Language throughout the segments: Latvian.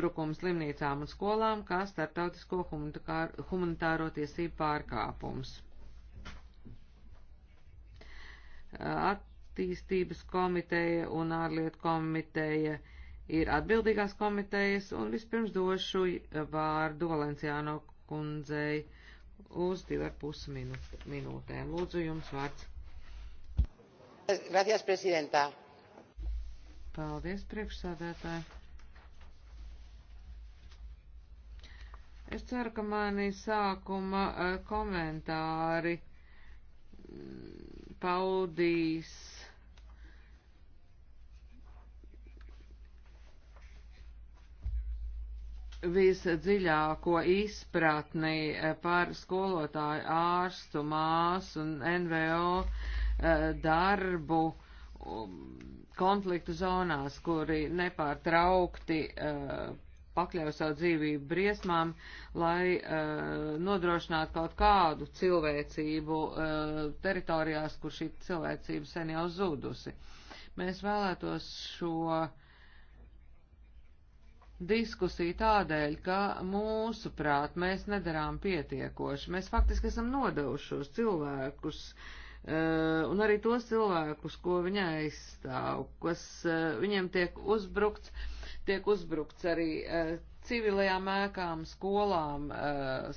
uzbrukumu slimnīcām un skolām, kā starptautisko humanitāro tiesību pārkāpums. Attīstības komiteja un ārlietu komiteja ir atbildīgās komitejas, un vispirms došu vārdu Valenciāno kundzei uz divu ar pus minūtēm. Lūdzu, jums vārds. Gracias, prezidentā. Paldies, priekšsādētāji. Es ceru, ka mani sākuma e, komentāri mm, paudīs visdziļāko izpratni e, par skolotāju ārstu, māsu un NVO e, darbu um, konfliktu zonās, kuri nepārtraukti uh, pakļauj savu dzīvību briesmām, lai uh, nodrošinātu kaut kādu cilvēcību uh, teritorijās, kur šī cilvēcība sen jau zudusi. Mēs vēlētos šo diskusiju tādēļ, ka mūsu prāt mēs nedarām pietiekoši. Mēs faktiski esam nodevušos cilvēkus uh, Eh, un arī tos cilvēkus, ko viņa aizstāv, kas eh, viņiem tiek uzbrukts, tiek uzbrukts arī eh, civilajām ēkām, skolām,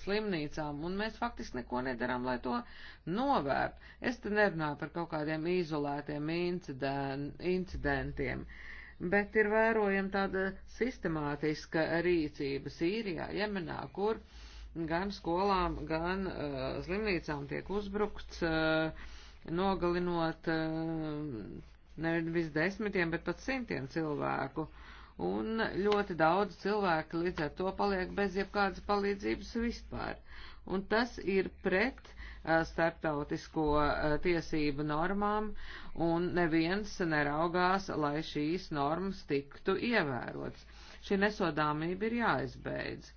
slimnīcām, un mēs faktiski neko nedaram, lai to novērt. Es te nerunāju par kaut kādiem izolētiem inciden incidentiem, bet ir vērojama tāda sistemātiska rīcība Sīrijā, Jemenā, kur gan skolām, gan uh, slimnīcām tiek uzbrukts. Uh, nogalinot eh, nevis desmitiem, bet pat simtiem cilvēku. Un ļoti daudz cilvēku līdz ar to paliek bez jebkādas palīdzības vispār. Un tas ir pret uh, starptautisko uh, tiesību normām, un neviens neraugās, lai šīs normas tiktu ievērots. Šī nesodāmība ir jāizbeidz.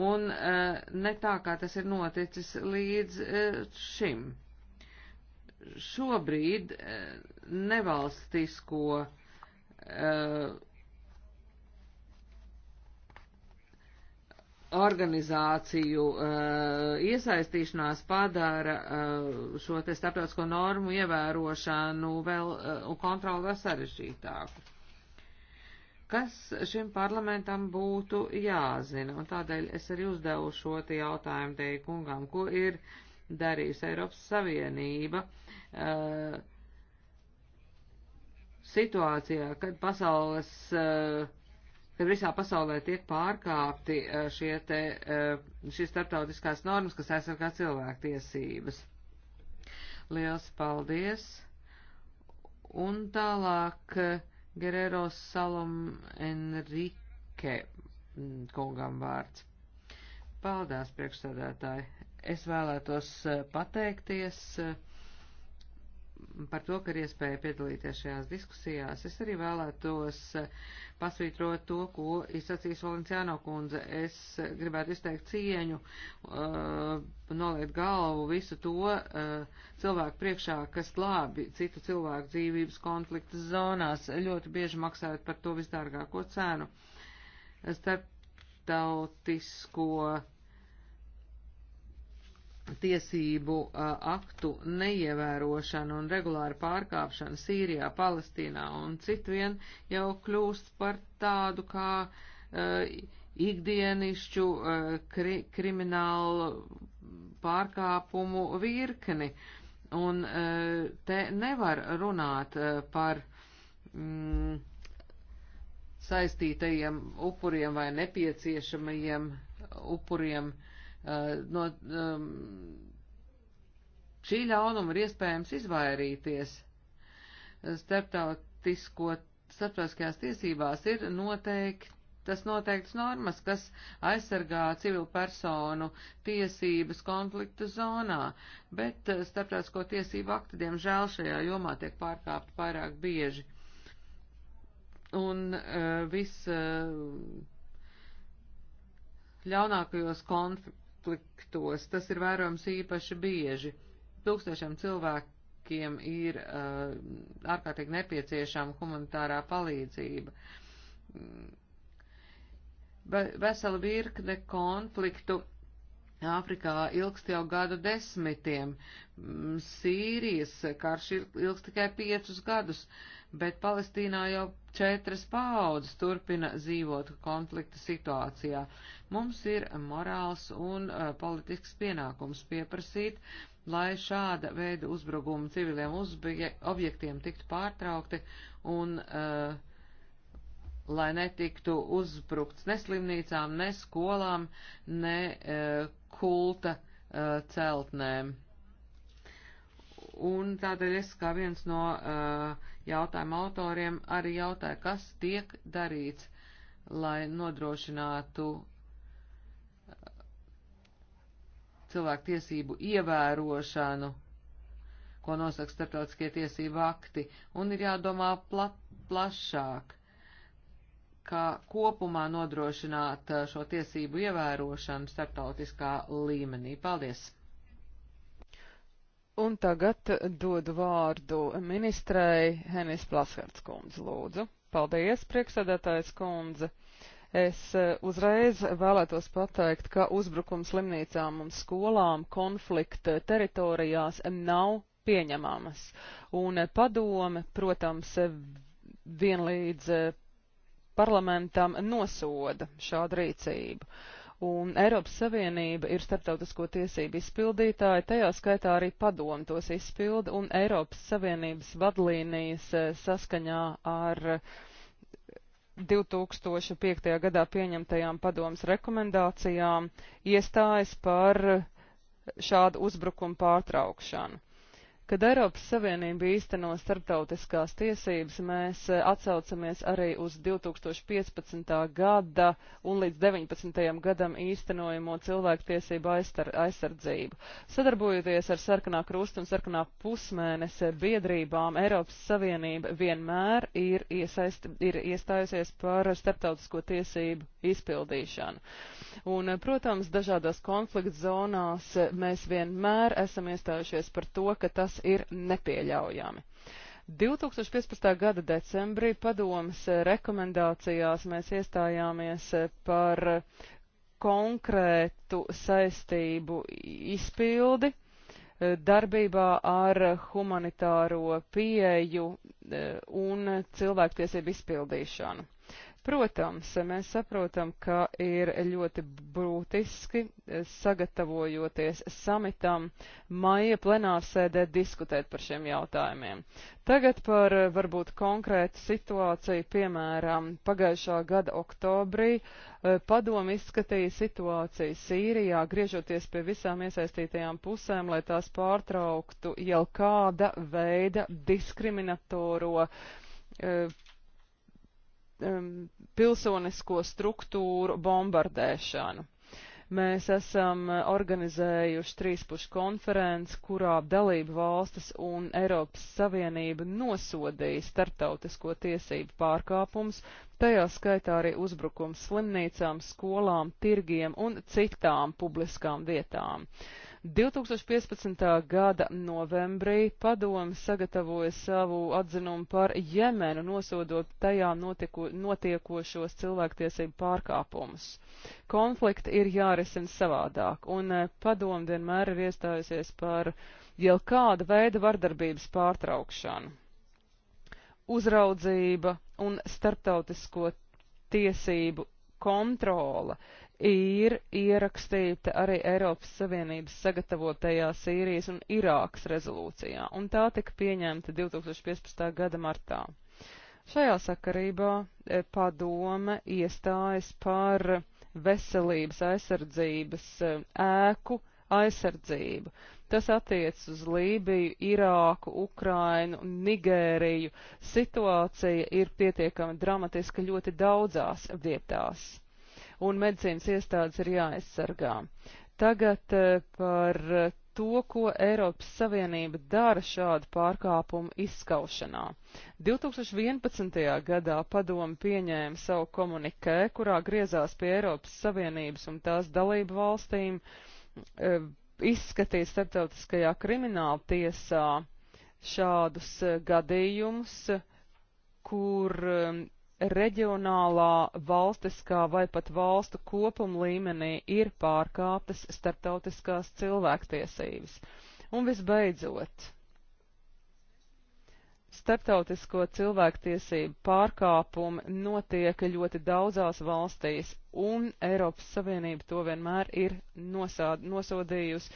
Un uh, ne tā, kā tas ir noticis līdz šim šobrīd eh, nevalstisko eh, organizāciju eh, iesaistīšanās padara šo te starptautisko normu ievērošanu vēl un kontroli vēl sarežģītāku. Kas šim parlamentam būtu jāzina? Un tādēļ es arī uzdevu šo te jautājumu te kungam, ko ir uh, darījusi Eiropas Savienība. Uh, situācijā, kad pasaules, uh, kad visā pasaulē tiek pārkāpti uh, šie te, uh, šīs starptautiskās normas, kas aizsargā cilvēktiesības. Liels paldies! Un tālāk Gerero Salom Enrique mm, kungam vārds. Paldies, priekšsēdētāji. Es vēlētos eh, pateikties eh, par to, ka ir iespēja piedalīties šajās diskusijās. Es arī vēlētos eh, pasvītrot to, ko izsacīs Valenciāno kundze. Es gribētu izteikt cieņu, noliet galvu visu to cilvēku priekšā, kas glābi citu cilvēku dzīvības konflikta zonās, ļoti bieži maksājot par to visdārgāko cenu. Starptautisko tiesību aktu neievērošana un regulāra pārkāpšana Sīrijā, Palestīnā un citvien jau kļūst par tādu kā uh, ikdienišķu uh, kri kriminālu pārkāpumu virkni. Un uh, te nevar runāt uh, par mm, saistītajiem upuriem vai nepieciešamajiem upuriem. Uh, Eh, no um, šī ļaunuma ir iespējams izvairīties. Eh, starptautisko, starptautiskajās tiesībās ir noteikti. Tas noteikts normas, kas aizsargā civilu personu tiesības konfliktu zonā, bet eh, starptautisko tiesību akti, diemžēl, šajā jomā tiek pārkāpti pārāk bieži. Un uh, viss uh, ļaunākajos konfliktos konfliktos tas ir vērojams īpaši bieži. Tūkstošiem cilvēkiem ir uh, ārkārtīgi nepieciešama humanitārā palīdzība. Be vesela virkne konfliktu Āfrikā ilgst jau gadu desmitiem. Mm, Sīrijas karš ilgst tikai piecus gadus. Uh, bet Palestīnā jau četras paaudzes turpina dzīvot konflikta situācijā. Mums ir morāls un uh, politisks pienākums pieprasīt, lai šāda veida uzbrukumi civiliem uzbie, objektiem tiktu pārtraukti un uh, lai netiktu uzbrukts ne slimnīcām, ne skolām, ne uh, kulta uh, celtnēm. Un tādēļ es kā viens no uh, jautājuma autoriem arī jautāja, kas tiek darīts, lai nodrošinātu uh, cilvēku tiesību ievērošanu, ko nosaka starptautiskie tiesību akti, un ir jādomā pla plašāk, kā kopumā nodrošināt uh, šo tiesību ievērošanu starptautiskā līmenī. Paldies! Un tagad dodu vārdu ministrei Henis Plasherts kundze, lūdzu. Paldies, priekšsēdētājs kundze. Es eh, uzreiz vēlētos pateikt, ka uzbrukums slimnīcām un skolām konflikta teritorijās nav pieņemamas. Un eh, padome, protams, vienlīdz eh, parlamentam nosoda šādu rīcību un Eiropas Savienība ir starptautisko tiesību izpildītāja, tajā skaitā arī padomu tos izpilda, un Eiropas Savienības vadlīnijas eh, saskaņā ar 2005. Eh, gadā pieņemtajām padomas rekomendācijām iestājas par eh, šādu uzbrukumu pārtraukšanu. Kad Eiropas Savienība īsteno starptautiskās tiesības, mēs eh, atsaucamies arī uz 2015. gada un līdz 19. gadam īstenojamo cilvēktiesību aizsardzību. Sadarbojoties ar Sarkanā krusta un Sarkanā pusmēnese biedrībām, Eiropas Savienība vienmēr ir, iesaist, ir iestājusies par starptautisko tiesību izpildīšanu. Un, eh, protams, dažādās konflikta zonās eh, mēs vienmēr esam iestājušies par to, ka tas Tas ir nepieļaujami. 2015. gada decembrī padomas rekomendācijās mēs iestājāmies par konkrētu saistību izpildi darbībā ar humanitāro pieeju eh, un cilvēktiesību izpildīšanu. Protams, mēs saprotam, ka ir ļoti būtiski eh, sagatavojoties samitam maija plenārsēdē diskutēt par šiem jautājumiem. Tagad par eh, varbūt konkrētu situāciju, piemēram, pagājušā gada oktobrī eh, padomu izskatīja situāciju Sīrijā, griežoties pie visām iesaistītajām pusēm, lai tās pārtrauktu jau kāda veida diskriminatoro um, pilsonisko struktūru bombardēšanu. Mēs esam uh, organizējuši trīspušu konferenci, kurā dalību valstis un Eiropas Savienība nosodīja starptautisko tiesību pārkāpums, tajā skaitā arī uzbrukums slimnīcām, skolām, tirgiem un citām publiskām vietām. Uh, 2015. gada novembrī padomi sagatavoja savu atzinumu par Jemenu, nosodot tajā notiku, notiekošos cilvēktiesību pārkāpumus. Konflikti ir jārisina savādāk, un eh, padomi vienmēr ir iestājusies par jau kāda veida vardarbības pārtraukšanu uzraudzība un starptautisko tiesību kontrole ir ierakstīta arī Eiropas Savienības sagatavotajā Sīrijas un Irākas rezolūcijā, un tā tika pieņemta 2015. gada martā. Šajā sakarībā e, padome iestājas par veselības aizsardzības e, ēku aizsardzību. Tas attiecas uz Lībiju, Irāku, Ukrainu, Nigēriju. Situācija ir pietiekami dramatiska ļoti daudzās vietās un medicīnas iestādes ir jāaizsargā. Tagad eh, par eh, to, ko Eiropas Savienība dara šādu pārkāpumu izskaušanā. 2011. gadā padomu pieņēma savu komunikē, kurā griezās pie Eiropas Savienības un tās dalību valstīm e, izskatīt starptautiskajā krimināla tiesā šādus gadījumus, kur reģionālā, valstiskā vai pat valstu kopuma līmenī ir pārkāptas starptautiskās cilvēktiesības. Un visbeidzot, starptautisko cilvēktiesību pārkāpumi notiek ļoti daudzās valstīs, un Eiropas Savienība to vienmēr ir nosād, nosodījusi,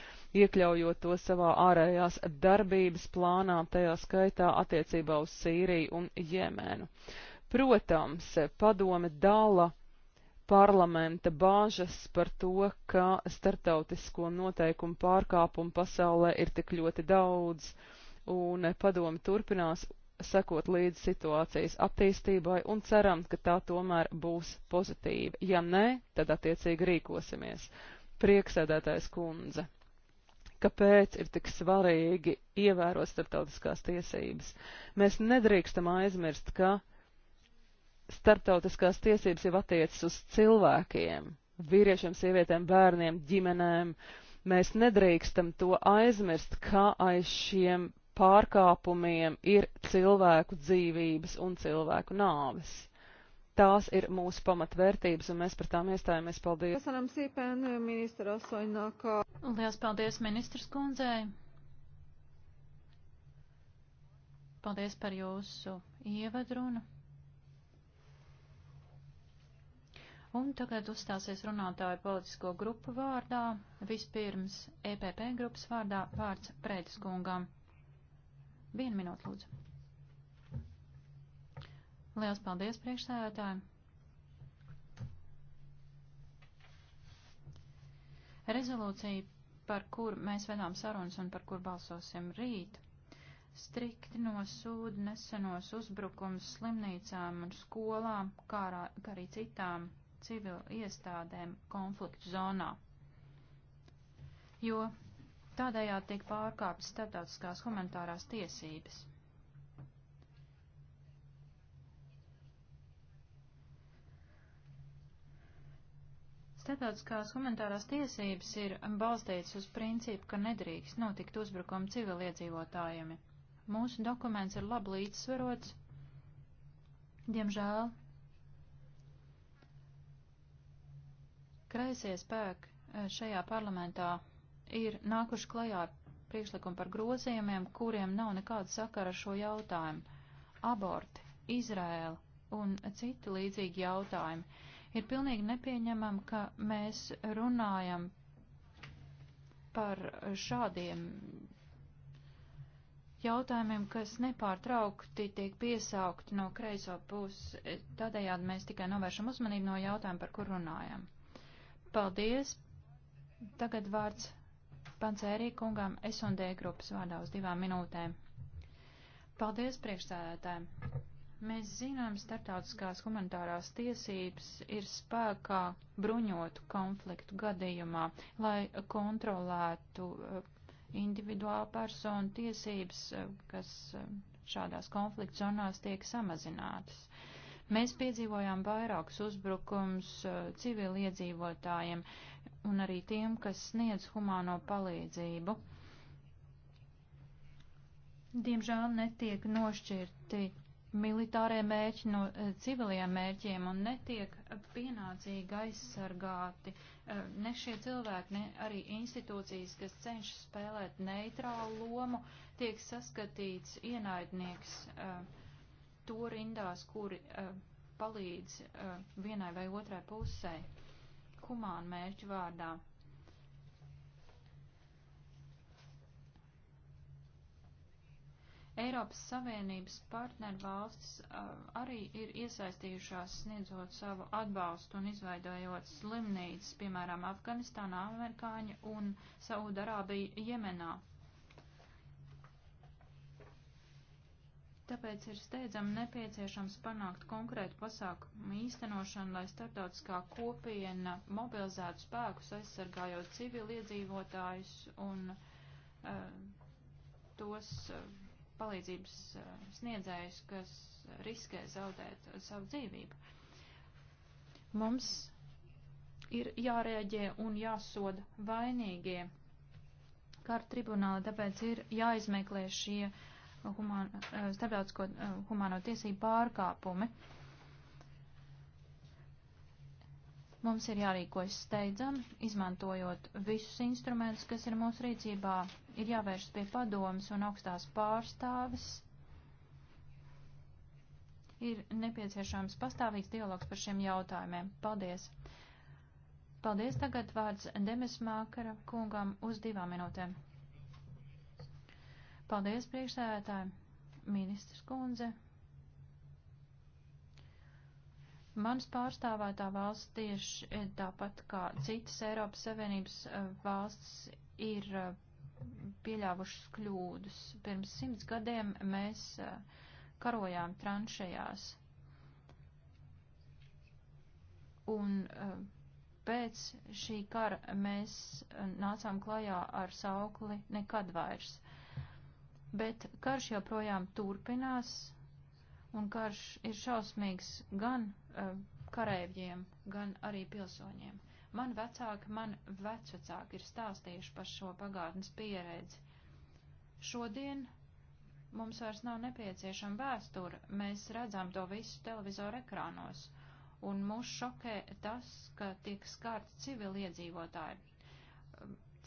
iekļaujot to savā ārējās darbības plānā, tajā skaitā attiecībā uz Sīriju un Jemenu. Uh, Protams, padome dala parlamenta bāžas par to, ka startautisko noteikumu pārkāpumu pasaulē ir tik ļoti daudz, un padome turpinās sekot līdz situācijas attīstībai un ceram, ka tā tomēr būs pozitīva. Ja nē, tad attiecīgi rīkosimies. Prieksēdētais kundze kāpēc ir tik svarīgi ievērot starptautiskās tiesības. Mēs nedrīkstam aizmirst, ka starptautiskās tiesības jau attiecas uz cilvēkiem, vīriešiem, sievietēm, bērniem, ģimenēm. Mēs nedrīkstam to aizmirst, kā aiz šiem pārkāpumiem ir cilvēku dzīvības un cilvēku nāves. Tās ir mūsu pamatvērtības, un mēs par tām iestājamies. Paldies! Lielas paldies ministras kundzei! Paldies par jūsu ievadrunu! Un tagad uzstāsies runātāju politisko grupu vārdā, vispirms EPP grupas vārdā vārds Prētis kungam. Vienu minūtu, lūdzu. Liels paldies, priekšsēdētāji. Rezolūcija, par kur mēs vedām sarunas un par kur balsosim rīt, strikti nosūda nesenos uzbrukums slimnīcām un skolām, kā, kā arī citām civilu iestādēm konfliktu zonā, jo tādējādi tiek pārkāptas starptautiskās humanitārās tiesības. Starptautiskās humanitārās tiesības ir balstītas uz principu, ka nedrīkst notikt uzbrukumu civiliedzīvotājiem. Mūsu dokuments ir labi līdzsvarots. Diemžēl kreisie spēki eh, šajā parlamentā ir nākuši klajā ar priekšlikumu par grozījumiem, kuriem nav nekāda sakara ar šo jautājumu. Aborti, Izrēla un citi līdzīgi jautājumi. Ir pilnīgi nepieņemam, ka mēs runājam par šādiem jautājumiem, kas nepārtraukti tiek piesaukti no kreiso puses. Tādējādi mēs tikai novēršam uzmanību no jautājuma, par kur runājam. Paldies. Tagad vārds Pancērī kungam S&D grupas vārdā uz divām minūtēm. Paldies priekšstādātājiem. Mēs zinām, startautiskās humanitārās tiesības ir spēkā bruņotu konfliktu gadījumā, lai kontrolētu eh, individuālu personu tiesības, eh, kas eh, šādās konflikta zonās tiek samazinātas. Uh, Mēs piedzīvojām vairākus uzbrukums eh, civiliedzīvotājiem un arī tiem, kas sniedz humāno palīdzību. Diemžēl netiek nošķirti militārie mērķi no eh, civiliem mērķiem un netiek pienācīgi aizsargāti eh, ne šie cilvēki, ne arī institūcijas, kas cenšas spēlēt neitrālu lomu, tiek saskatīts ienaidnieks. Uh, to rindās, kuri uh, palīdz uh, vienai vai otrai pusē, humānu mērķu vārdā. Eiropas Savienības partneru valstis uh, eh, arī ir iesaistījušās sniedzot savu atbalstu un izveidojot slimnīcas, piemēram, Afganistānā, Amerikāņa un Saudarābija Jemenā. Tāpēc ir steidzami nepieciešams panākt konkrētu pasākumu īstenošanu, lai starptautiskā kopiena mobilizētu spēkus, aizsargājot civiliedzīvotājus un uh, tos uh, palīdzības uh, sniedzējus, kas riskē zaudēt uh, savu dzīvību. Mums ir jārēģē un jāsoda vainīgie. Kārt tribunāli tāpēc ir jāizmeklē šie uh, human, eh, starptautisko eh, humano tiesību pārkāpumi. Mums ir jārīkojas steidzami, izmantojot visus instrumentus, kas ir mūsu rīcībā. Ir jāvēršas pie padomas un augstās pārstāvis. Ir nepieciešams pastāvīgs dialogs par šiem jautājumiem. Paldies! Paldies tagad vārds Demis Mākara kungam uz divām minūtēm. Paldies, priekšsēdētāji, ministrs kundze. Manas pārstāvētā valsts tieši eh, tāpat kā citas Eiropas Savienības eh, valsts ir eh, pieļāvušas kļūdus. Pirms simts gadiem mēs karojām tranšējās. Un pēc šī kara mēs nācām klajā ar saukli nekad vairs bet karš joprojām turpinās, un karš ir šausmīgs gan uh, karēvjiem, gan arī pilsoņiem. Man vecāki, man vecvecāki ir stāstījuši par šo pagātnes pieredzi. Šodien mums vairs nav nepieciešama vēsture, mēs redzam to visu televizoru ekrānos, un mūs šokē tas, ka tiek skārti civiliedzīvotāji,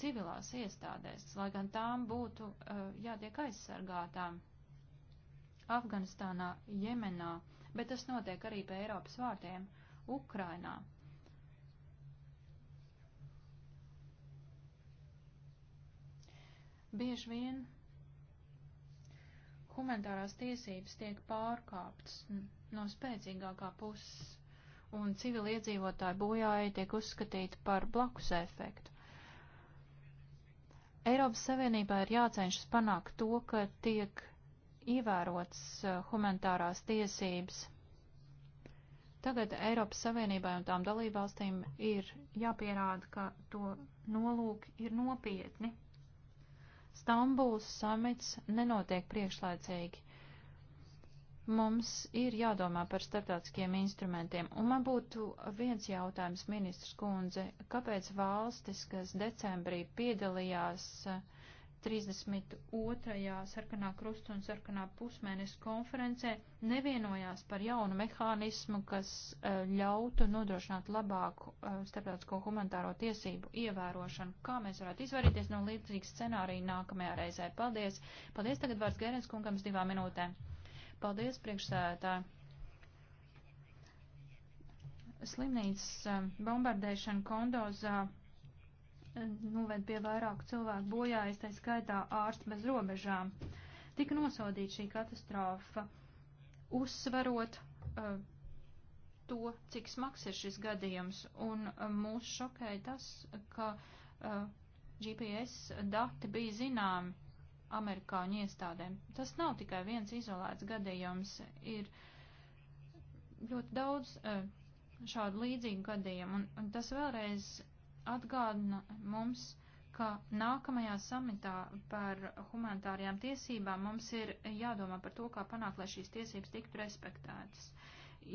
civilās iestādēs, lai gan tām būtu uh, jātiek aizsargātām Afganistānā, Jemenā, bet tas notiek arī pie Eiropas vārtiem Ukrainā. Bieži vien humanitārās tiesības tiek pārkāptas no spēcīgākā puses, un civiliedzīvotāji bojāja tiek uzskatīti par blakus efektu. Eiropas Savienībā ir jācenšas panākt to, ka tiek ievērots eh, humanitārās tiesības. Tagad Eiropas Savienībai un tām dalībvalstīm ir jāpierāda, ka to nolūki ir nopietni. Stambuls samits nenotiek priekšlaicīgi. Mums ir jādomā par starptautiskiem instrumentiem, un man būtu viens jautājums, ministrs kundze, kāpēc valstis, kas decembrī piedalījās 32. Eh, sarkanā krusta un sarkanā pusmēneša konferencē, nevienojās par jaunu mehānismu, kas eh, ļautu nodrošināt labāku eh, starptautisko humanitāro tiesību ievērošanu? Kā mēs varētu izvairīties no līdzīga scenārija nākamajā reizē? Paldies! Paldies tagad vārds Gērens kungams divām minūtēm. Paldies, priekšsēdētāji. Slimnīcas um, bombardēšana Kondozā um, noved nu, pie vairāku cilvēku bojājas, tā skaitā ārsts bez robežām. Tika nosodīta šī katastrofa, uzsverot uh, to, cik smags ir šis gadījums, un uh, mūs šokēja tas, ka uh, GPS dati bija zināmi amerikāņu iestādēm. Tas nav tikai viens izolēts gadījums, ir ļoti daudz e, šādu līdzīgu gadījumu, un, un tas vēlreiz atgādina mums, ka nākamajā samitā par humanitārajām tiesībām mums ir jādomā par to, kā panākt, lai šīs tiesības tiktu respektētas.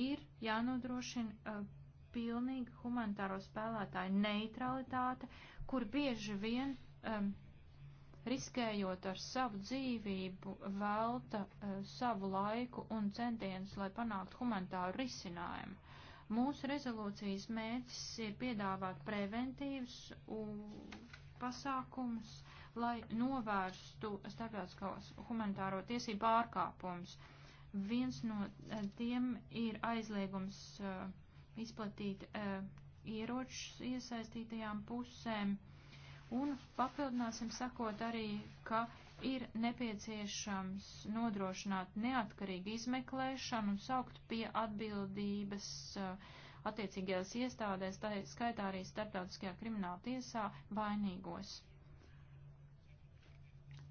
Ir jānodrošina uh, e, pilnīga humanitāro spēlētāju neutralitāte, kur bieži vien um, riskējot ar savu dzīvību, velta uh, savu laiku un centienus, lai panāktu humanitāru risinājumu. Mūsu rezolūcijas mērķis ir piedāvāt preventīvas pasākumus, lai novērstu starptautiskos humanitāro tiesību pārkāpumus. Viens no eh, tiem ir aizliegums uh, izplatīt uh, ieročus iesaistītajām pusēm Un papildināsim sakot arī, ka ir nepieciešams nodrošināt neatkarīgu izmeklēšanu un saukt pie atbildības uh, attiecīgajās iestādēs, tā skaitā arī starptautiskajā krimināla tiesā vainīgos.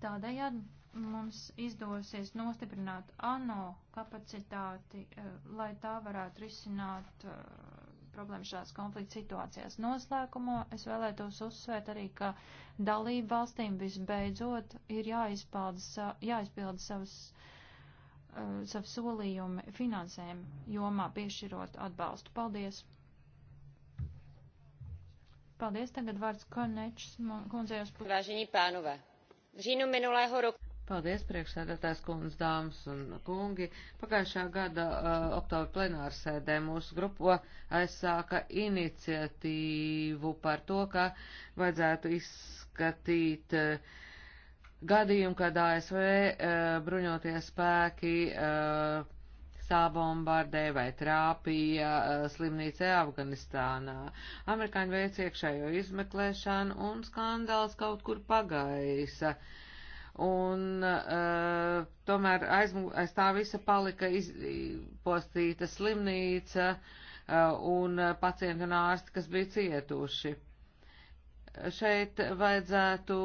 Tādējādi mums izdosies nostiprināt ANO kapacitāti, uh, lai tā varētu risināt uh, problēma šādās konflikta situācijās. Noslēgumā es vēlētos uzsvērt arī, ka dalību valstīm visbeidzot ir jāizpilda, jāizpilda savas uh, savu solījumu finansējumu jomā piešķirot atbalstu. Paldies! Paldies, tagad vārds Konečs, kundzējos. Vážení pánové, v říjnu minulého roku. Paldies, priekšsēdētājs kundze, dāmas un kungi. Pagājušā gada uh, oktobra plenārsēdē mūsu grupo aizsāka iniciatīvu par to, ka vajadzētu izskatīt uh, gadījumu, kad ASV uh, bruņotie spēki uh, sābombardē vai trāpīja uh, slimnīcē Afganistānā. Amerikāņi veic iekšējo izmeklēšanu un skandāls kaut kur pagaisa. Uh, un uh, tomēr aiz, aiz tā visa palika izpostīta slimnīca uh, un pacienti un ārsti, kas bija cietuši. Šeit vajadzētu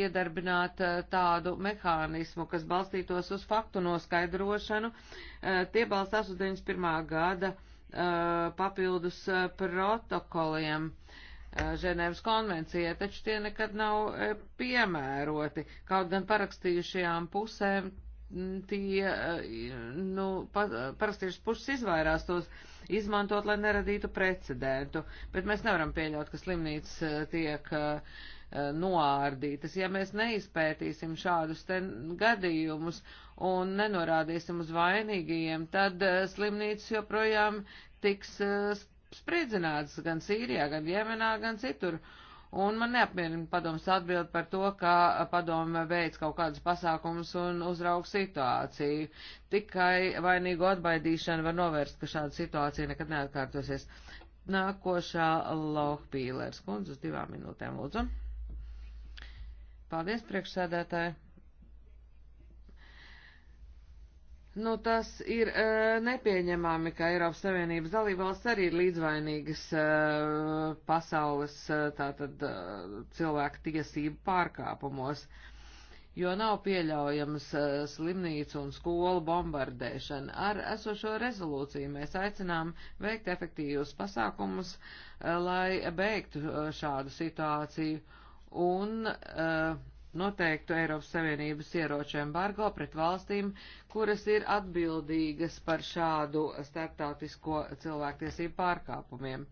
iedarbināt uh, tādu mehānismu, kas balstītos uz faktu noskaidrošanu. Uh, tie balstās uz 91. gada uh, papildus protokoliem. Uh, Ženēvas konvencijai, taču tie nekad nav piemēroti. Kaut gan parakstījušajām pusēm tie, nu, parakstījušas puses izvairās tos izmantot, lai neradītu precedentu, bet mēs nevaram pieļaut, ka slimnīcas tiek noārdītas. Ja mēs neizpētīsim šādus te gadījumus un nenorādīsim uz vainīgajiem, tad slimnīcas joprojām tiks spriedzinātas gan Sīrijā, gan Jemenā, gan citur. Un man neapmierina padoms atbild par to, ka padoma veic kaut kādus pasākumus un uzrauga situāciju. Tikai vainīgu atbaidīšanu var novērst, ka šāda situācija nekad neatkārtosies. Nākošā Lohpīlērs kundze uz divām minūtēm lūdzu. Paldies, priekšsēdētāji! Nu, tas ir e, nepieņemami, ka Eiropas Savienības dalībvalsts arī ir līdzvainīgas e, pasaules e, tātad e, cilvēku tiesību pārkāpumos, jo nav pieļaujams e, slimnīcu un skolu bombardēšana. Ar esošo rezolūciju mēs aicinām veikt efektīvus pasākumus, e, lai beigtu e, šādu situāciju un. E, noteiktu Eiropas Savienības ieroču embargo pret valstīm, kuras ir atbildīgas par šādu starptautisko cilvēktiesību pārkāpumiem.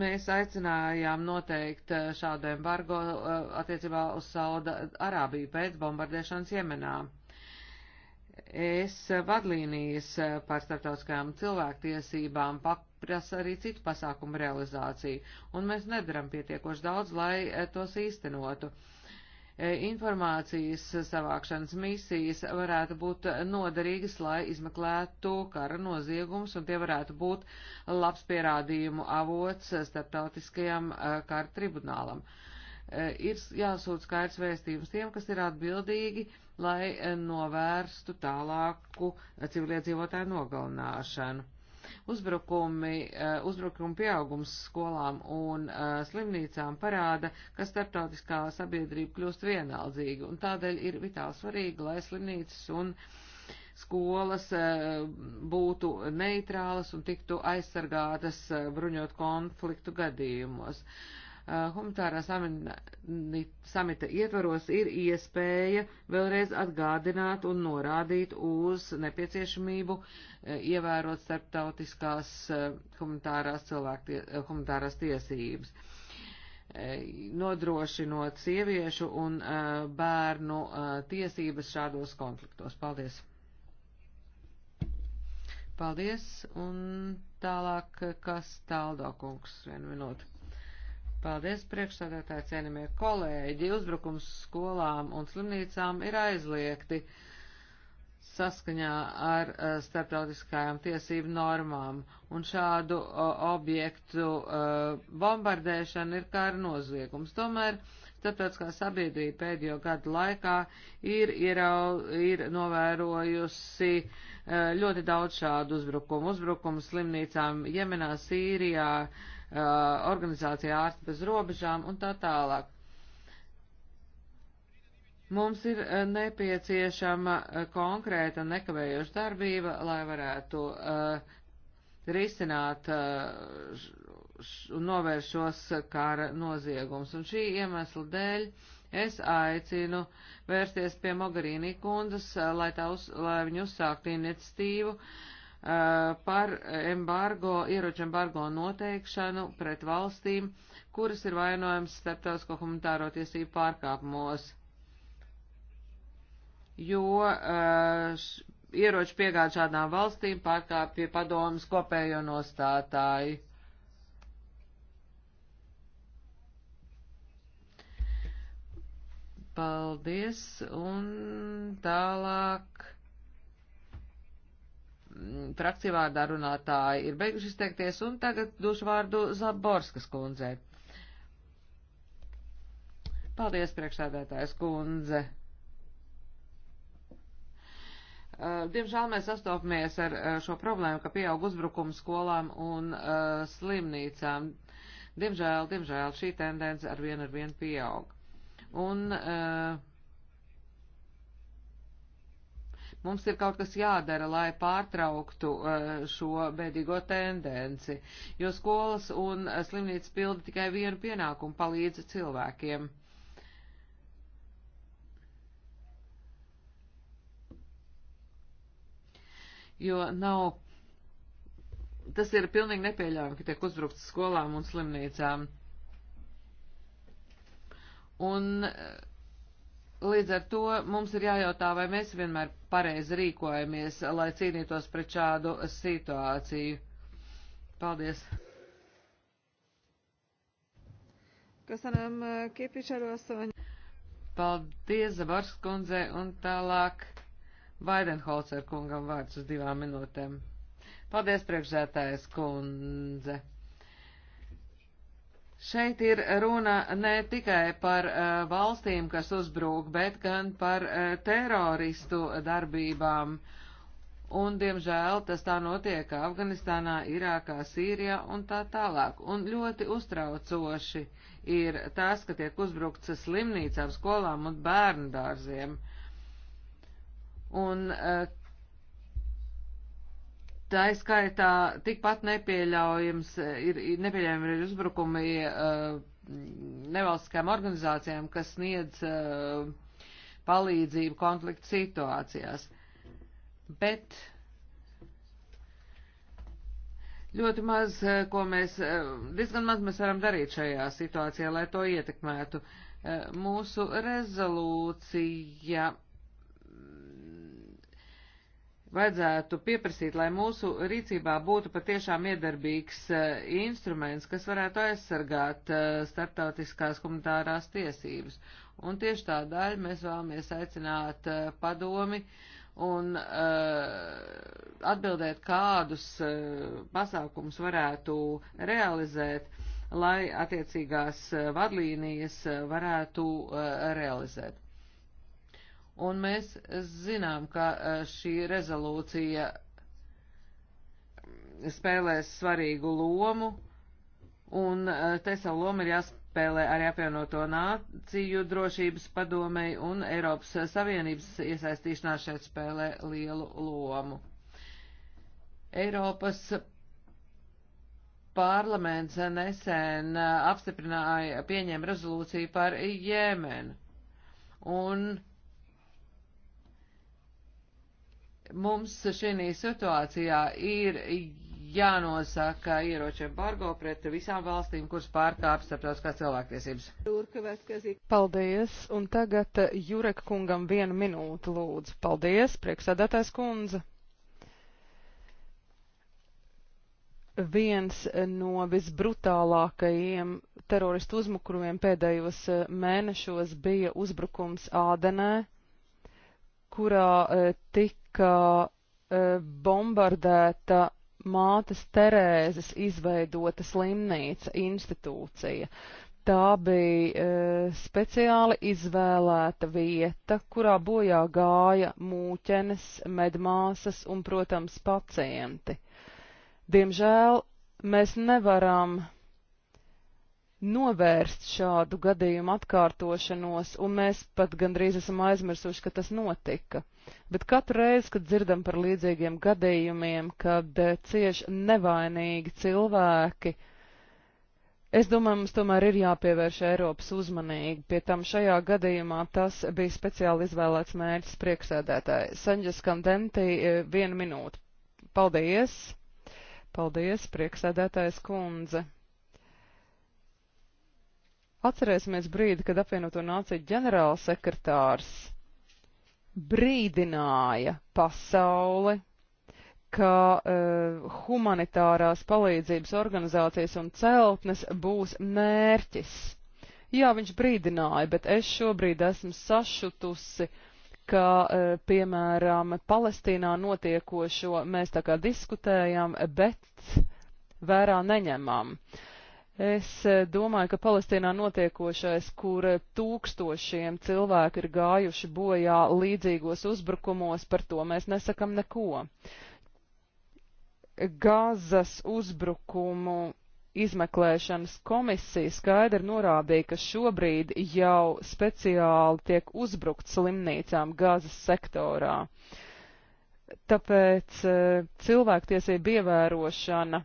Mēs aicinājām noteikt eh, šādu embargo eh, attiecībā uz Sauda Arābiju pēc bombardēšanas Jemenā. Es vadlīnijas eh, par starptautiskajām cilvēktiesībām pak prasa arī citu pasākumu realizāciju, un mēs nedaram pietiekoši daudz, lai eh, tos īstenotu. Eh, informācijas savākšanas misijas varētu būt eh, noderīgas, lai izmeklētu kara noziegums, un tie varētu būt labs pierādījumu avots starptautiskajam kara tribunālam. Ir jāsūt skaidrs vēstījums tiem, kas ir atbildīgi, lai novērstu tālāku civiliedzīvotāju nogalināšanu Uzbrukumi, eh, uzbrukumi pieaugums skolām un eh, slimnīcām parāda, ka starptautiskā sabiedrība kļūst vienaldzīga, un tādēļ ir vitāli svarīgi, lai slimnīcas un skolas eh, būtu neitrālas un tiktu aizsargātas bruņot konfliktu gadījumos. Uh, Eh, humanitārā samita ietvaros ir iespēja vēlreiz atgādināt un norādīt uz nepieciešamību eh, ievērot starptautiskās eh, humanitārās, cilvēktie, humanitārās tiesības nodrošinot sieviešu un bērnu tiesības šādos konfliktos. Paldies! Paldies, un tālāk, kas tālāk, kungs, vienu minūti. Paldies, priekšsādātāji, cienījamie kolēģi. Uzbrukums skolām un slimnīcām ir aizliegti saskaņā ar uh, starptautiskajām tiesību normām, un šādu uh, objektu uh, bombardēšana ir kara noziegums. Tomēr uh, Starptautiskā sabiedrība pēdējo gadu laikā ir, ierau, ir novērojusi eh, ļoti daudz šādu uzbrukumu. Uzbrukumu slimnīcām Jemenā, Sīrijā, eh, organizācijā ārsti bez robežām un tā tālāk. Mums ir eh, nepieciešama konkrēta nekavējoša darbība, lai varētu uh, risināt uh, novērš šos kara noziegums. Un šī iemesla dēļ es aicinu vērsties pie Mogarīnī kundas, eh, lai, tā uz, lai viņi uzsāktu iniciatīvu uh, par embargo, ieroču embargo noteikšanu pret valstīm, kuras ir vainojams starptautisko humanitāro tiesību pārkāpumos. Jo uh, š, ieroču piegāda šādām valstīm pārkāpja padomas kopējo nostātāju. Paldies, un tālāk frakcija vārdā runātāji ir beiguši izteikties, un tagad došu vārdu Zaborskas kundzei. Paldies, priekšsēdētājs kundze. Diemžēl mēs sastopamies ar šo problēmu, ka pieaug uzbrukums skolām un uh, slimnīcām. Diemžēl, diemžēl šī tendence ar vienu ar vienu pieaug. Un uh, mums ir kaut kas jādara, lai pārtrauktu eh, šo bēdīgo tendenci, jo skolas un eh, slimnīcas pilda tikai vienu pienākumu - palīdz cilvēkiem. Jo nav, tas ir pilnīgi nepieļaujami, ka tiek uzbrukts skolām un slimnīcām. Un eh, līdz ar to mums ir jājautā, vai mēs vienmēr pareizi rīkojamies, lai cīnītos pret šādu situāciju. Paldies! Köszönöm eh, képviselőasszony. Paldies Zabars kundze un tālāk Vaidenholzer kungam vārds uz divām minūtēm. Paldies priekšsētājas kundze. Šeit ir runa ne tikai par uh, valstīm, kas uzbrūk, bet gan par uh, teroristu darbībām. Un, diemžēl, tas tā notiek Afganistānā, Irākā, Sīrijā un tā tālāk. Un ļoti uztraucoši ir tas, ka tiek uzbrukts slimnīcām, skolām un bērnu dārziem. Un uh, Tā skaitā tikpat nepieļaujams ir, ir nepieļaujami ir uzbrukumi uh, nevalstiskajām organizācijām, kas sniedz uh, palīdzību konflikta situācijās. Bet ļoti maz, eh, ko mēs, diezgan maz mēs varam darīt šajā situācijā, lai to ietekmētu. Mūsu rezolūcija vajadzētu pieprasīt, lai mūsu rīcībā būtu patiešām iedarbīgs eh, instruments, kas varētu aizsargāt eh, starptautiskās komunitārās tiesības. Un tieši tādēļ mēs vēlamies aicināt eh, padomi un atbildēt, kādus pasākums varētu realizēt, lai attiecīgās vadlīnijas varētu realizēt. Un mēs zinām, ka eh, šī rezolūcija spēlēs svarīgu lomu, un eh, te savu lomu ir jāspēlē arī apvienoto nāciju drošības padomei, un Eiropas Savienības iesaistīšanās šeit spēlē lielu lomu. Eiropas parlaments nesen eh, apstiprināja, pieņēma rezolūciju par Jēmenu. Un Mums šī situācijā ir jānosaka ieroču embargo pret visām valstīm, kuras pārkāpj starptautiskās cilvēktiesības. Paldies, un tagad Jurek kungam vienu minūtu lūdzu. Paldies, priekšsēdētājs kundze. Viens no visbrutālākajiem teroristu uzmukurumiem pēdējos mēnešos bija uzbrukums Ādenē kurā e, tika e, bombardēta mātes Terēzes izveidota slimnīca institūcija. Tā bija e, speciāli izvēlēta vieta, kurā bojā gāja mūķenes, medmāsas un, protams, pacienti. Diemžēl mēs nevaram novērst šādu gadījumu atkārtošanos, un mēs pat gandrīz esam aizmirsuši, ka tas notika. Bet katru reizi, kad dzirdam par līdzīgiem gadījumiem, kad eh, cieši nevainīgi cilvēki, es domāju, mums tomēr ir jāpievērš Eiropas uzmanīgi. Pie tam šajā gadījumā tas bija speciāli izvēlēts mērķis prieksēdētāji. Sanģis Kandentī, eh, viena minūte. Paldies! Paldies, prieksēdētājs kundze! Atcerēsimies brīdi, kad apvienoto nāciju ģenerālsekretārs brīdināja pasauli, ka uh, humanitārās palīdzības organizācijas un celtnes būs mērķis. Jā, viņš brīdināja, bet es šobrīd esmu sašutusi, ka, uh, piemēram, Palestīnā notiekošo mēs tā kā diskutējam, bet vērā neņemam. Uh, Es eh, domāju, ka Palestīnā notiekošais, kur eh, tūkstošiem cilvēku ir gājuši bojā līdzīgos uzbrukumos, par to mēs nesakam neko. Gāzas uzbrukumu izmeklēšanas komisija skaidri norādīja, ka šobrīd jau speciāli tiek uzbrukt slimnīcām Gāzas sektorā. Tāpēc eh, cilvēktiesība ievērošana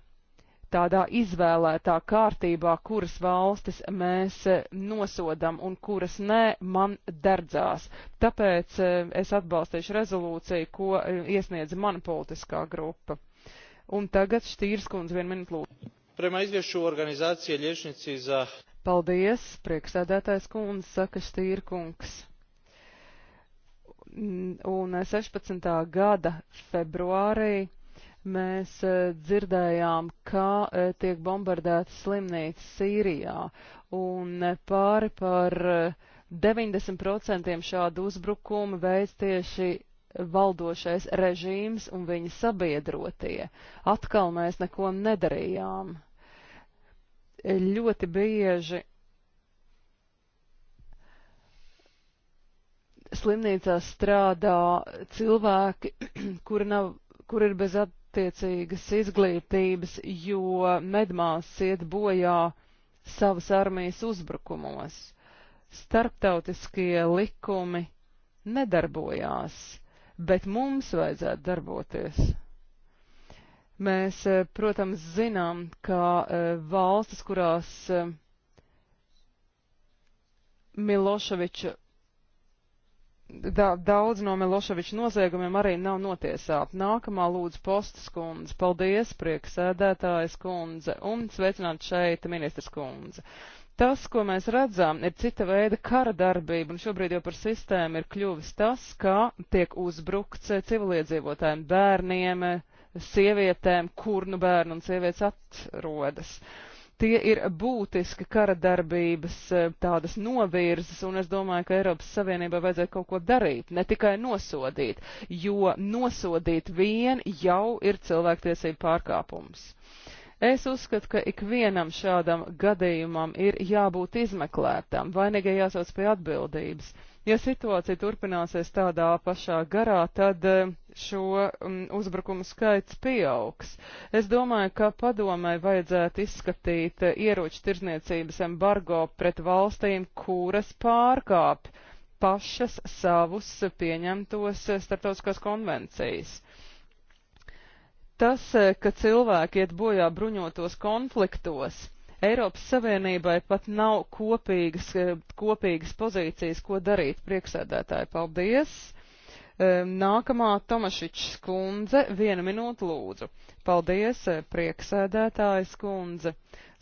tādā izvēlētā kārtībā, kuras valstis mēs eh, nosodam un kuras nē, man derdzās. Tāpēc eh, es atbalstīšu rezolūciju, ko eh, iesniedz mana politiskā grupa. Un tagad Štīrskundze vien minūte lūdzu. Prema izviešu organizācija Liešnici za. Paldies, prieksēdētājs kundze, saka Štīrkungs. Un 16. gada februārī mēs e, dzirdējām, ka e, tiek bombardētas slimnīcas Sīrijā un e, pāri par 90% šādu uzbrukumu veids tieši valdošais režīms un viņa sabiedrotie. Atkal mēs neko nedarījām. Ļoti bieži slimnīcās strādā cilvēki, kuri nav, kur ir bez at, attiecīgas izglītības, jo medmāsas iet bojā savas armijas uzbrukumos. Starptautiskie likumi nedarbojās, bet mums vajadzētu darboties. Mēs, eh, protams, zinām, ka eh, valstis, kurās eh, Miloševiča da, daudz no Miloševiča noziegumiem arī nav notiesāti. Nākamā lūdzu postas kundze. Paldies, prieksēdētājas kundze. Un sveicināt šeit ministrs kundze. Tas, ko mēs redzam, ir cita veida kara darbība, un šobrīd jau par sistēmu ir kļuvis tas, ka tiek uzbrukts civiliedzīvotājiem, bērniem, sievietēm, kur nu bērnu un sievietes atrodas. Uh, Tie ir būtiski kara darbības e, tādas novirzes, un es domāju, ka Eiropas Savienībai vajadzētu kaut ko darīt, ne tikai nosodīt, jo nosodīt vien jau ir cilvēktiesība pārkāpums. Es uzskatu, ka ikvienam šādam gadījumam ir jābūt izmeklētam, vainīgai jāsauc pie atbildības Ja situācija turpināsies tādā pašā garā, tad eh, šo mm, uzbrukumu skaits pieaugs. Es domāju, ka padomai vajadzētu izskatīt eh, ieroču tirzniecības embargo pret valstīm, kuras pārkāp pašas savus pieņemtos eh, starptautiskās konvencijas. Tas, ka cilvēki iet bojā bruņotos konfliktos, Eiropas Savienībai pat nav kopīgas, eh, kopīgas pozīcijas, ko darīt priekšsēdētāji. Paldies! Nākamā Tomašičs kundze, viena minūte lūdzu. Paldies, eh, prieksēdētājs kundze.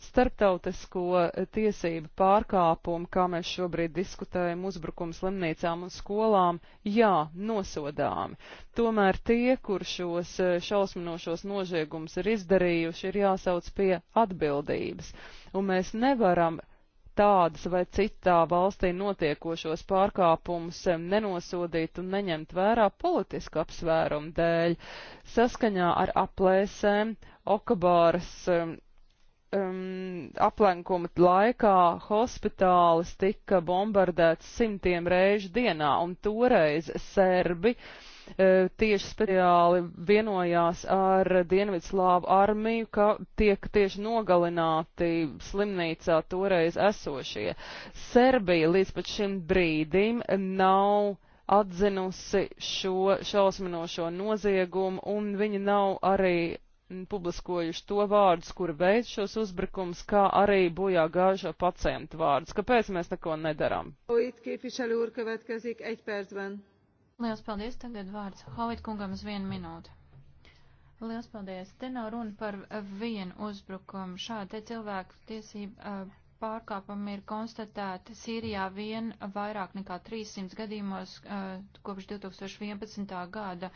Starptautisko eh, tiesību pārkāpumu, kā mēs šobrīd diskutējam, uzbrukums slimnīcām un skolām, jā, nosodāmi. Tomēr tie, kur šos eh, šausminošos nožiegumus ir izdarījuši, ir jāsauc pie atbildības. Un mēs nevaram tādas vai citā valstī notiekošos pārkāpumus nenosodīt un neņemt vērā politisku apsvērumu dēļ. Saskaņā ar aplēsēm Okabāras um, um aplenkuma laikā hospitālis tika bombardēts simtiem reižu dienā, un toreiz serbi uh, E, tieši speciāli vienojās ar Dienvidslāvu armiju, ka tiek tieši nogalināti slimnīcā toreiz esošie. Serbija līdz pat šim brīdim nav atzinusi šo šausminošo noziegumu, un viņi nav arī publiskojuši to vārdus, kuri veids šos uzbrukums, kā arī bojā gājušo pacientu vārdus. Kāpēc mēs neko nedaram? Oit, Liels paldies. Tagad vārds Hovid kungam uz vienu minūti. Liels paldies. Te nav runa par vienu uzbrukumu. Šādi cilvēku tiesību pārkāpumi ir konstatēti Sīrijā vien vairāk nekā 300 gadījumos kopš 2011. gada.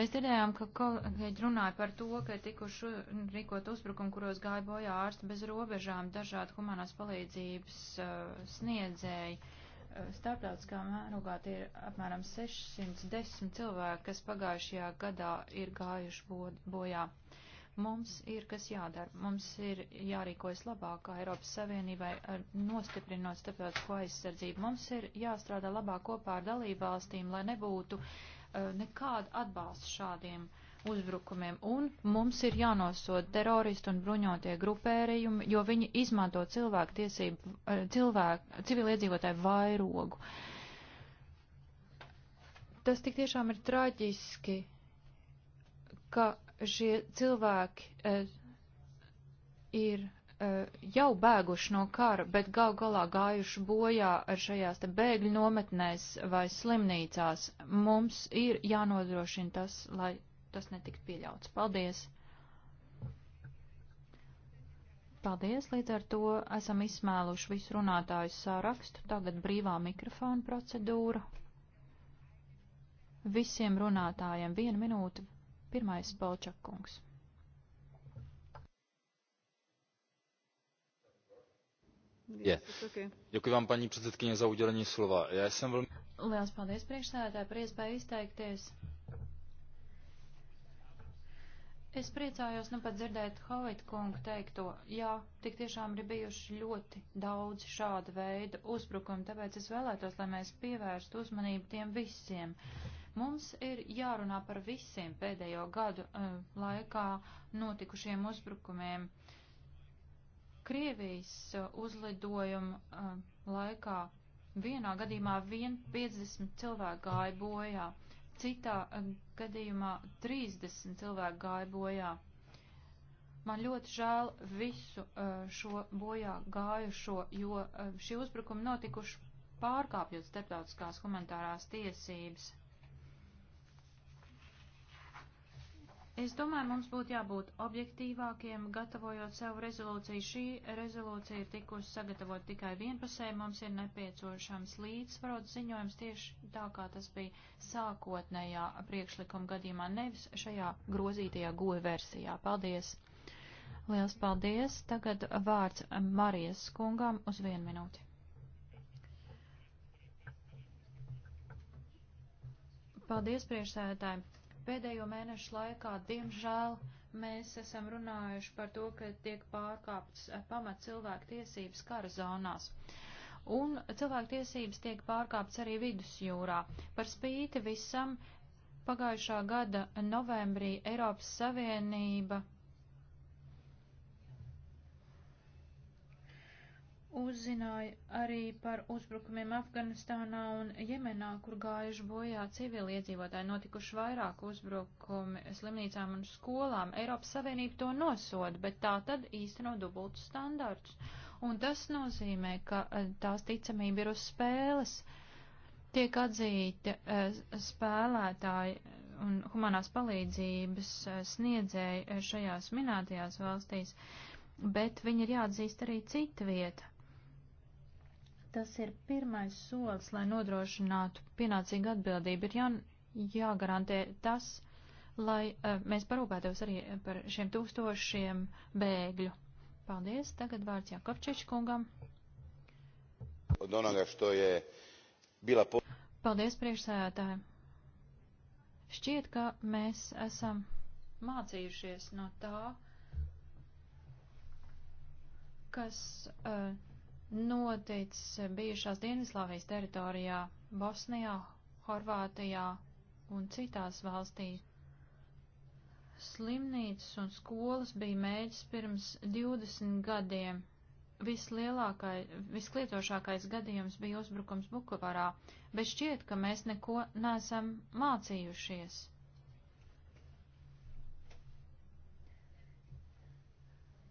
Mēs dzirdējām, ka kolēģi runāja par to, ka tikuši rīkot uzbrukumu, kuros gāja bojā ārsti bez robežām dažādi humanās palīdzības sniedzēji. Eh, starptautiskā mērogā tie ir apmēram 610 cilvēki, kas pagājušajā gadā ir gājuši bojā. Mums ir kas jādara. Mums ir jārīkojas labākā Eiropas Savienībai, nostiprinot starptautisko aizsardzību. Mums ir jāstrādā labāk kopā ar dalībvalstīm, lai nebūtu uh, nekāda atbalsta šādiem uh, uzbrukumiem, un mums ir jānosod teroristi un bruņotie grupērījumi, jo viņi izmanto cilvēku tiesību, eh, cilvēku, civiliedzīvotāju vairogu. Tas tik tiešām ir traģiski, ka šie cilvēki eh, ir eh, jau bēguši no kara, bet gal galā gājuši bojā ar šajās te bēgļu nometnēs vai slimnīcās, mums ir jānodrošina tas, lai tas netikt pieļauts. Paldies! Paldies, līdz ar to esam izsmēluši visu runātāju sārakstu. Tagad brīvā mikrofona procedūra. Visiem runātājiem viena minūte. Pirmais Polčakungs. Yeah. Okay. Děkuji vám, paní předsedkyně, za udělení slova. Já jsem velmi... Liels paldies priekšsēdētāji par iespēju izteikties. Es priecājos nu pat dzirdēt Hovita kungu teikto, jā, tik tiešām ir bijuši ļoti daudz šāda veida uzbrukumi, tāpēc es vēlētos, lai mēs pievērstu uzmanību tiem visiem. Mums ir jārunā par visiem pēdējo gadu uh, laikā notikušiem uzbrukumiem. Krievijas uh, eh, uzlidojuma uh, eh, laikā vienā gadījumā vien 50 cilvēku gāja bojā, citā uh, gadījumā 30 cilvēku gāja bojā. Man ļoti žēl visu uh, šo bojā gājušo, jo uh, šie uzbrukumi notikuši pārkāpjot starptautiskās humanitārās tiesības. Es domāju, mums būtu jābūt objektīvākiem, gatavojot savu rezolūciju. Šī rezolūcija ir tikusi sagatavot tikai vienpusē, mums ir nepieciešams līdzsvarot ziņojums tieši tā, kā tas bija sākotnējā priekšlikuma gadījumā, nevis šajā grozītajā goja versijā. Paldies! Liels paldies! Tagad vārds Marijas kungam uz vienu minūti. Paldies, priekšsēdētāji! Pēdējo mēnešu laikā, diemžēl, mēs esam runājuši par to, ka tiek pārkāptas eh, pamat cilvēku tiesības kara zonās. Un cilvēku tiesības tiek pārkāptas arī vidusjūrā. Par spīti visam pagājušā gada novembrī Eiropas Savienība uzzināja arī par uzbrukumiem Afganistānā un Jemenā, kur gājuši bojā civiliedzīvotāji, notikuši vairāk uzbrukumi slimnīcām un skolām. Eiropas Savienība to nosoda, bet tā tad īsteno dubultu standārts. Un tas nozīmē, ka eh, tās ticamība ir uz spēles. Tiek atzīti eh, spēlētāji un humanās palīdzības eh, sniedzēji šajās minētajās valstīs, bet viņi ir jāatzīst arī cita vieta Tas ir pirmais solis, lai nodrošinātu pienācīgu atbildību. Ir jā, jāgarantē tas, lai uh, mēs parūpētos arī par šiem tūkstošiem bēgļu. Paldies. Tagad vārds Jakovčič kungam. Od onoga, što je bila... Paldies, priekšsēdētāji. Šķiet, ka mēs esam mācījušies no tā, kas uh, noticis bijušās Dienvidslāvijas teritorijā, Bosnijā, Horvātijā un citās valstīs. Slimnīcas un skolas bija mēģis pirms 20 gadiem. Vislietošākais gadījums bija uzbrukums Bukovarā, bet šķiet, ka mēs neko nesam mācījušies.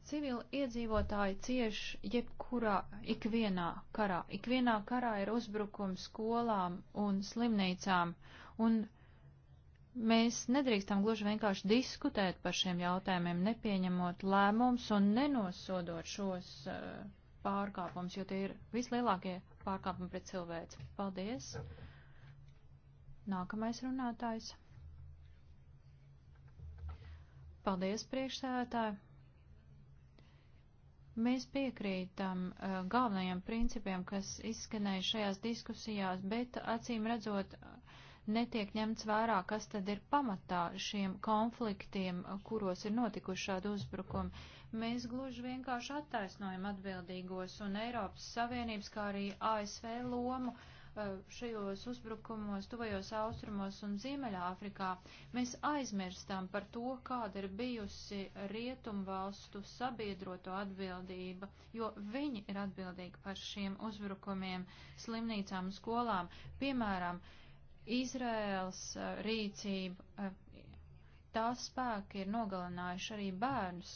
Civili iedzīvotāji cieš jebkurā, ikvienā karā. Ikvienā karā ir uzbrukums skolām un slimnīcām, un mēs nedrīkstam gluži vienkārši diskutēt par šiem jautājumiem, nepieņemot lēmums un nenosodot šos uh, eh, pārkāpums, jo tie ir vislielākie pārkāpumi pret cilvēci. Paldies! Nākamais runātājs. Paldies, priekšsēdētāji! Mēs piekrītam uh, galvenajiem principiem, kas izskanēja šajās diskusijās, bet acīm redzot netiek ņemts vērā, kas tad ir pamatā šiem konfliktiem, kuros ir notikuši šādi uzbrukumi. Mēs gluži vienkārši attaisnojam atbildīgos un Eiropas Savienības, kā arī ASV lomu uh, šajos uzbrukumos tuvajos austrumos un Ziemeļāfrikā, mēs aizmirstam par to, kāda ir bijusi rietumvalstu sabiedroto atbildība, jo viņi ir atbildīgi par šiem uzbrukumiem slimnīcām un skolām. Piemēram, Izraels rīcība tās spēki ir nogalinājuši arī bērnus.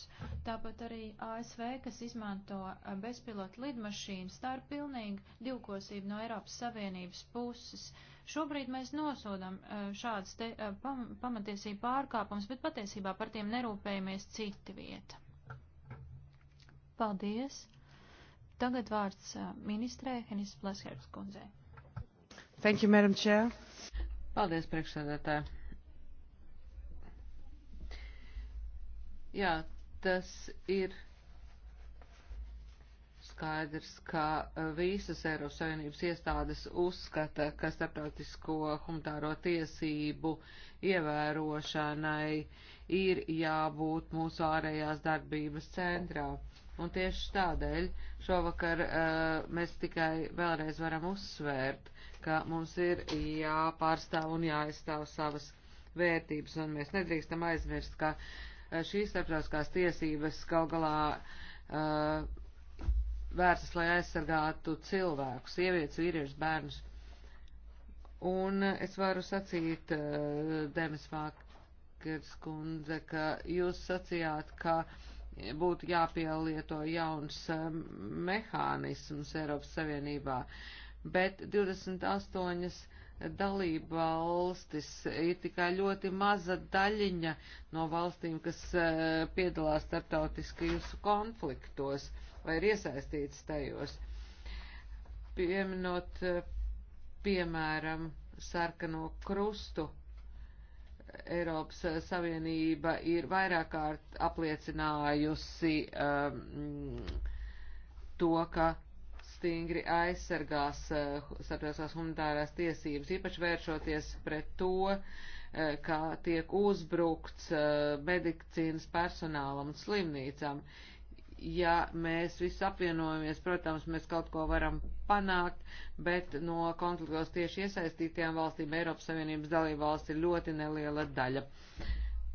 Tāpat arī ASV, kas izmanto eh, bezpilotu lidmašīnas, tā ir pilnīgi divkosība no Eiropas Savienības puses. Šobrīd mēs nosodam eh, šādas te, eh, pam, pamatiesību pārkāpums, bet patiesībā par tiem nerūpējamies citi vieta. Paldies! Tagad vārds ministrē Henis Plesherks kundzei. Thank you, Madam Chair. Paldies, priekšsēdētāji. Jā, tas ir skaidrs, ka e, visas Eiropas Savienības iestādes uzskata, ka starptautisko humanitāro tiesību ievērošanai ir jābūt mūsu ārējās darbības centrā. Un tieši tādēļ šovakar uh, mēs tikai vēlreiz varam uzsvērt, ka mums ir jāpārstāv un jāaizstāv savas vērtības, un mēs nedrīkstam aizmirst, ka uh, Eh, šīs starptautiskās tiesības gal galā uh, eh, vērstas, lai aizsargātu cilvēkus, sievietes, vīriešus, bērnus. Un es varu sacīt, uh, Demis Mākers kundze, ka jūs sacījāt, ka būtu jāpielieto jauns uh, mehānisms Eiropas Savienībā, bet 28 dalība valstis ir tikai ļoti maza daļiņa no valstīm, kas eh, piedalās starptautiskajos konfliktos vai ir iesaistīts tajos. Pieminot, eh, piemēram, sarkano krustu, Eiropas Savienība ir vairāk kārt apliecinājusi um, to, ka stingri aizsargās eh, starptautiskās humanitārās tiesības, īpaši vēršoties pret to, eh, kā tiek uzbrukts eh, medicīnas personālam un slimnīcam. Ja mēs visi apvienojamies, protams, mēs kaut ko varam panākt, bet no konfliktos tieši iesaistītajām valstīm Eiropas Savienības dalībvalsts ir ļoti neliela daļa.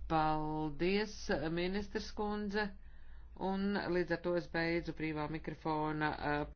Paldies, ministrs kundze! un līdz ar to es beidzu brīvā mikrofona